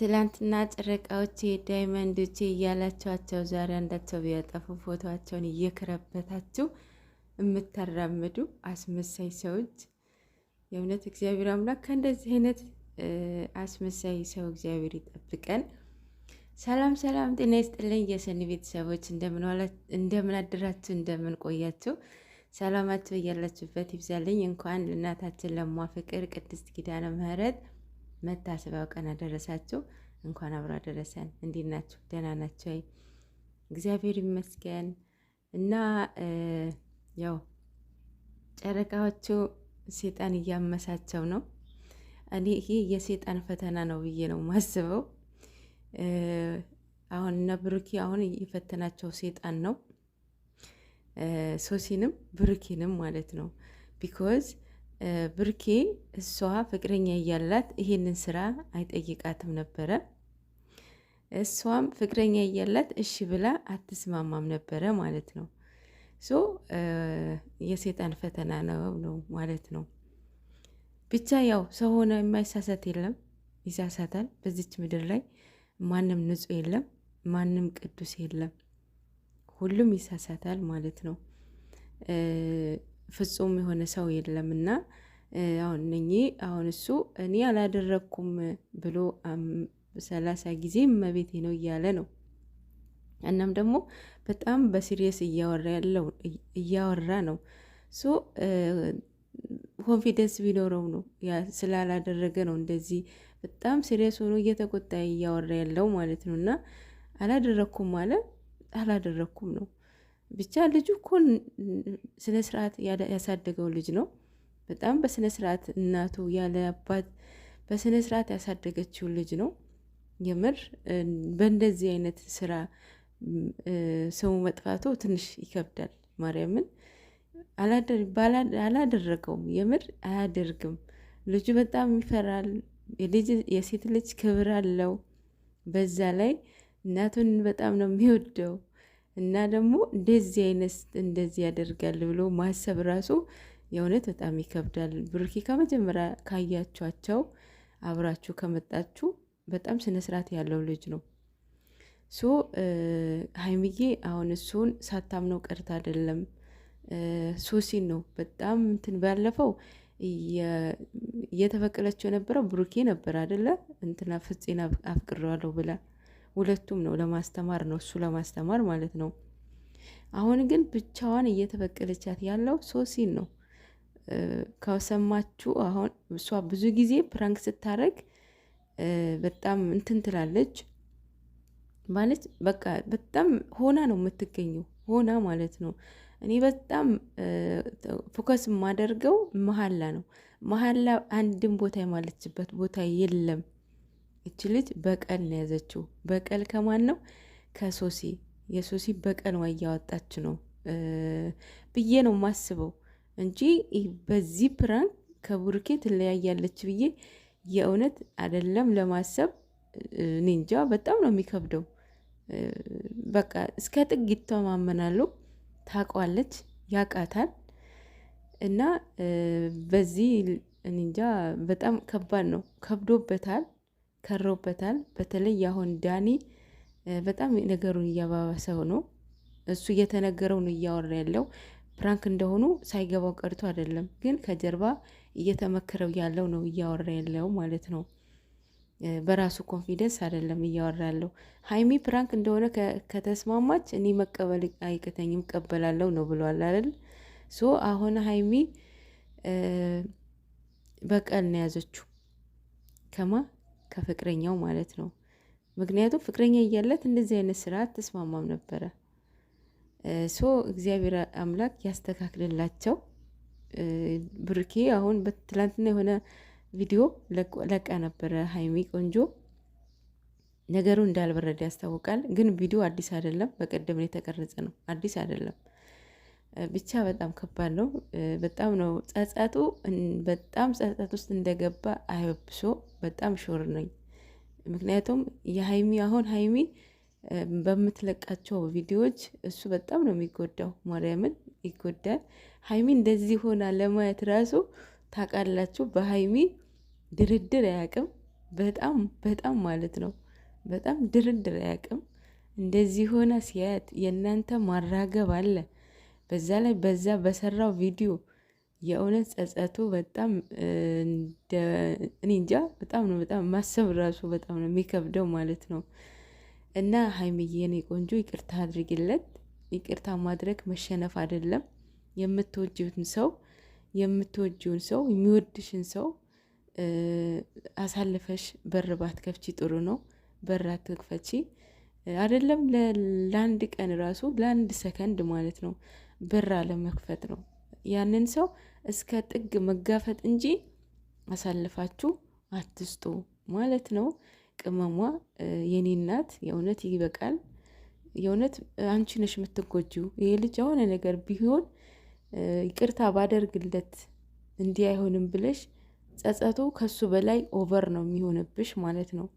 ትላንትና ጨረቃዎቼ ዳይመንዶቼ እያላቸዋቸው ዛሬ አንዳቸው ቢያጠፉ ፎቶቸውን እየከረበታችሁ የምታራምዱ አስመሳይ ሰዎች የእውነት እግዚአብሔር አምላክ ከእንደዚህ አይነት አስመሳይ ሰው እግዚአብሔር ይጠብቀን። ሰላም ሰላም፣ ጤና ይስጥልኝ የሰኒ ቤተሰቦች፣ እንደምን አድራችሁ፣ እንደምን ቆያችሁ? ሰላማችሁ እያላችሁበት ይብዛልኝ። እንኳን ለእናታችን ለሟ ፍቅር ቅድስት ኪዳነ ምሕረት መታሰቢያው ቀን አደረሳችሁ። እንኳን አብሮ አደረሰን። እንዴት ናችሁ? ደህና ናችሁ? እግዚአብሔር ይመስገን እና ያው ጨረቃዎቹ ሴጣን እያመሳቸው ነው። እኔ ይሄ የሴጣን ፈተና ነው ብዬ ነው ማስበው። አሁን እነ ብሩኪ አሁን የፈተናቸው ሴጣን ነው፣ ሶሲንም ብሩኪንም ማለት ነው ቢኮዝ ብርኬ እሷ ፍቅረኛ እያላት ይሄንን ስራ አይጠይቃትም ነበረ። እሷም ፍቅረኛ እያላት እሺ ብላ አትስማማም ነበረ ማለት ነው። ሶ የሴጣን ፈተና ነው ነው ማለት ነው። ብቻ ያው ሰው ሆነ የማይሳሳት የለም፣ ይሳሳታል። በዚች ምድር ላይ ማንም ንጹሕ የለም፣ ማንም ቅዱስ የለም። ሁሉም ይሳሳታል ማለት ነው። ፍጹም የሆነ ሰው የለምና አሁን እነኚህ አሁን እሱ እኔ አላደረግኩም ብሎ ሰላሳ ጊዜ እመቤቴ ነው እያለ ነው። እናም ደግሞ በጣም በሲሪየስ እያወራ ያለው እያወራ ነው። ሶ ኮንፊደንስ ቢኖረው ነው ስላላደረገ ነው እንደዚህ በጣም ሲሪየስ ሆኖ እየተቆጣ እያወራ ያለው ማለት ነው። እና አላደረግኩም ማለት አላደረግኩም ነው ብቻ ልጁ እኮ ስነ ስርዓት ያሳደገው ልጅ ነው። በጣም በስነ ስርዓት እናቱ ያለ አባት በስነ ስርዓት ያሳደገችው ልጅ ነው። የምር በእንደዚህ አይነት ስራ ስሙ መጥፋቱ ትንሽ ይከብዳል። ማርያምን አላደረገውም። የምር አያደርግም። ልጁ በጣም ይፈራል። የሴት ልጅ ክብር አለው። በዛ ላይ እናቱን በጣም ነው የሚወደው። እና ደግሞ እንደዚህ አይነት እንደዚህ ያደርጋል ብሎ ማሰብ ራሱ የእውነት በጣም ይከብዳል። ብሩኬ ከመጀመሪያ ካያችኋቸው አብራችሁ ከመጣችሁ በጣም ስነስርዓት ያለው ልጅ ነው። ሶ ሀይሚዬ አሁን እሱን ሳታምነው ቀርት አይደለም ሶሲን ነው በጣም እንትን ባለፈው እየተፈቀለችው የነበረው ብሩኬ ነበር አደለ እንትና ፍፄን አፍቅረዋለሁ ብላ ሁለቱም ነው ለማስተማር ነው እሱ ለማስተማር ማለት ነው። አሁን ግን ብቻዋን እየተበቀለቻት ያለው ሶሲን ነው። ከሰማችሁ አሁን እሷ ብዙ ጊዜ ፕራንክ ስታደርግ በጣም እንትን ትላለች ማለት በቃ በጣም ሆና ነው የምትገኘው፣ ሆና ማለት ነው። እኔ በጣም ፎከስ የማደርገው መሀላ ነው። መሀላ አንድም ቦታ የማለችበት ቦታ የለም። ይቺ ልጅ በቀል ነው የያዘችው። በቀል ከማን ነው? ከሶሲ የሶሲ በቀል ዋ እያወጣች ነው ብዬ ነው የማስበው እንጂ በዚህ ፕራንክ ከቡርኬ ትለያያለች ብዬ የእውነት አይደለም ለማሰብ ኒንጃ። በጣም ነው የሚከብደው። በቃ እስከ ጥግ ይተማመናሉ። ታቋለች፣ ያቃታል እና በዚህ ኒንጃ በጣም ከባድ ነው፣ ከብዶበታል። ተረውበታል። በተለይ አሁን ዳኒ በጣም ነገሩን እያባባሰው ነው። እሱ እየተነገረው ነው እያወራ ያለው ፕራንክ እንደሆኑ ሳይገባው ቀርቶ አይደለም፣ ግን ከጀርባ እየተመከረው ያለው ነው እያወራ ያለው ማለት ነው። በራሱ ኮንፊደንስ አይደለም እያወራ ያለው። ሀይሚ ፕራንክ እንደሆነ ከተስማማች እኔ መቀበል አይቅተኝም ቀበላለው ነው ብሏል አይደል? ሶ አሁን ሀይሚ በቀል ነው ያዘችው ከማ ከፍቅረኛው ማለት ነው። ምክንያቱም ፍቅረኛ እያላት እንደዚህ አይነት ስራ አትስማማም ነበረ። ሶ እግዚአብሔር አምላክ ያስተካክልላቸው። ብርኬ አሁን በትላንትና የሆነ ቪዲዮ ለቃ ነበረ ሀይሚ ቆንጆ ነገሩ እንዳልበረደ ያስታውቃል። ግን ቪዲዮ አዲስ አይደለም፣ በቀደም የተቀረጸ ነው። አዲስ አይደለም። ብቻ በጣም ከባድ ነው። በጣም ነው ጸጸቱ። በጣም ጸጸት ውስጥ እንደገባ አይበብሶ በጣም ሹር ነኝ። ምክንያቱም የሀይሚ አሁን ሀይሚ በምትለቃቸው ቪዲዮዎች እሱ በጣም ነው የሚጎዳው። ማርያምን ይጎዳል። ሀይሚ እንደዚህ ሆና ለማየት ራሱ ታውቃላችሁ፣ በሀይሚ ድርድር አያውቅም። በጣም በጣም ማለት ነው በጣም ድርድር አያውቅም። እንደዚህ ሆና ሲያያት የእናንተ ማራገብ አለ። በዛ ላይ በዛ በሰራው ቪዲዮ የእውነት ጸጸቱ በጣም እኔ እንጃ በጣም ነው በጣም ማሰብ ራሱ በጣም ነው የሚከብደው ማለት ነው። እና ሀይሚዬ የኔ ቆንጆ ይቅርታ አድርጊለት። ይቅርታ ማድረግ መሸነፍ አይደለም። የምትወጂውን ሰው የምትወጂውን ሰው የሚወድሽን ሰው አሳልፈሽ በር ባትከፍቺ ጥሩ ነው። በር አትክፈቺ። አይደለም ለአንድ ቀን ራሱ ለአንድ ሰከንድ ማለት ነው በር አለመክፈት ነው። ያንን ሰው እስከ ጥግ መጋፈጥ እንጂ አሳልፋችሁ አትስጡ ማለት ነው። ቅመሟ የኔ እናት የእውነት ይበቃል። የእውነት አንቺ ነሽ የምትጎጂው። ይሄ ልጅ የሆነ ነገር ቢሆን ይቅርታ ባደርግለት እንዲህ አይሆንም ብለሽ ጸጸቱ ከሱ በላይ ኦቨር ነው የሚሆንብሽ ማለት ነው።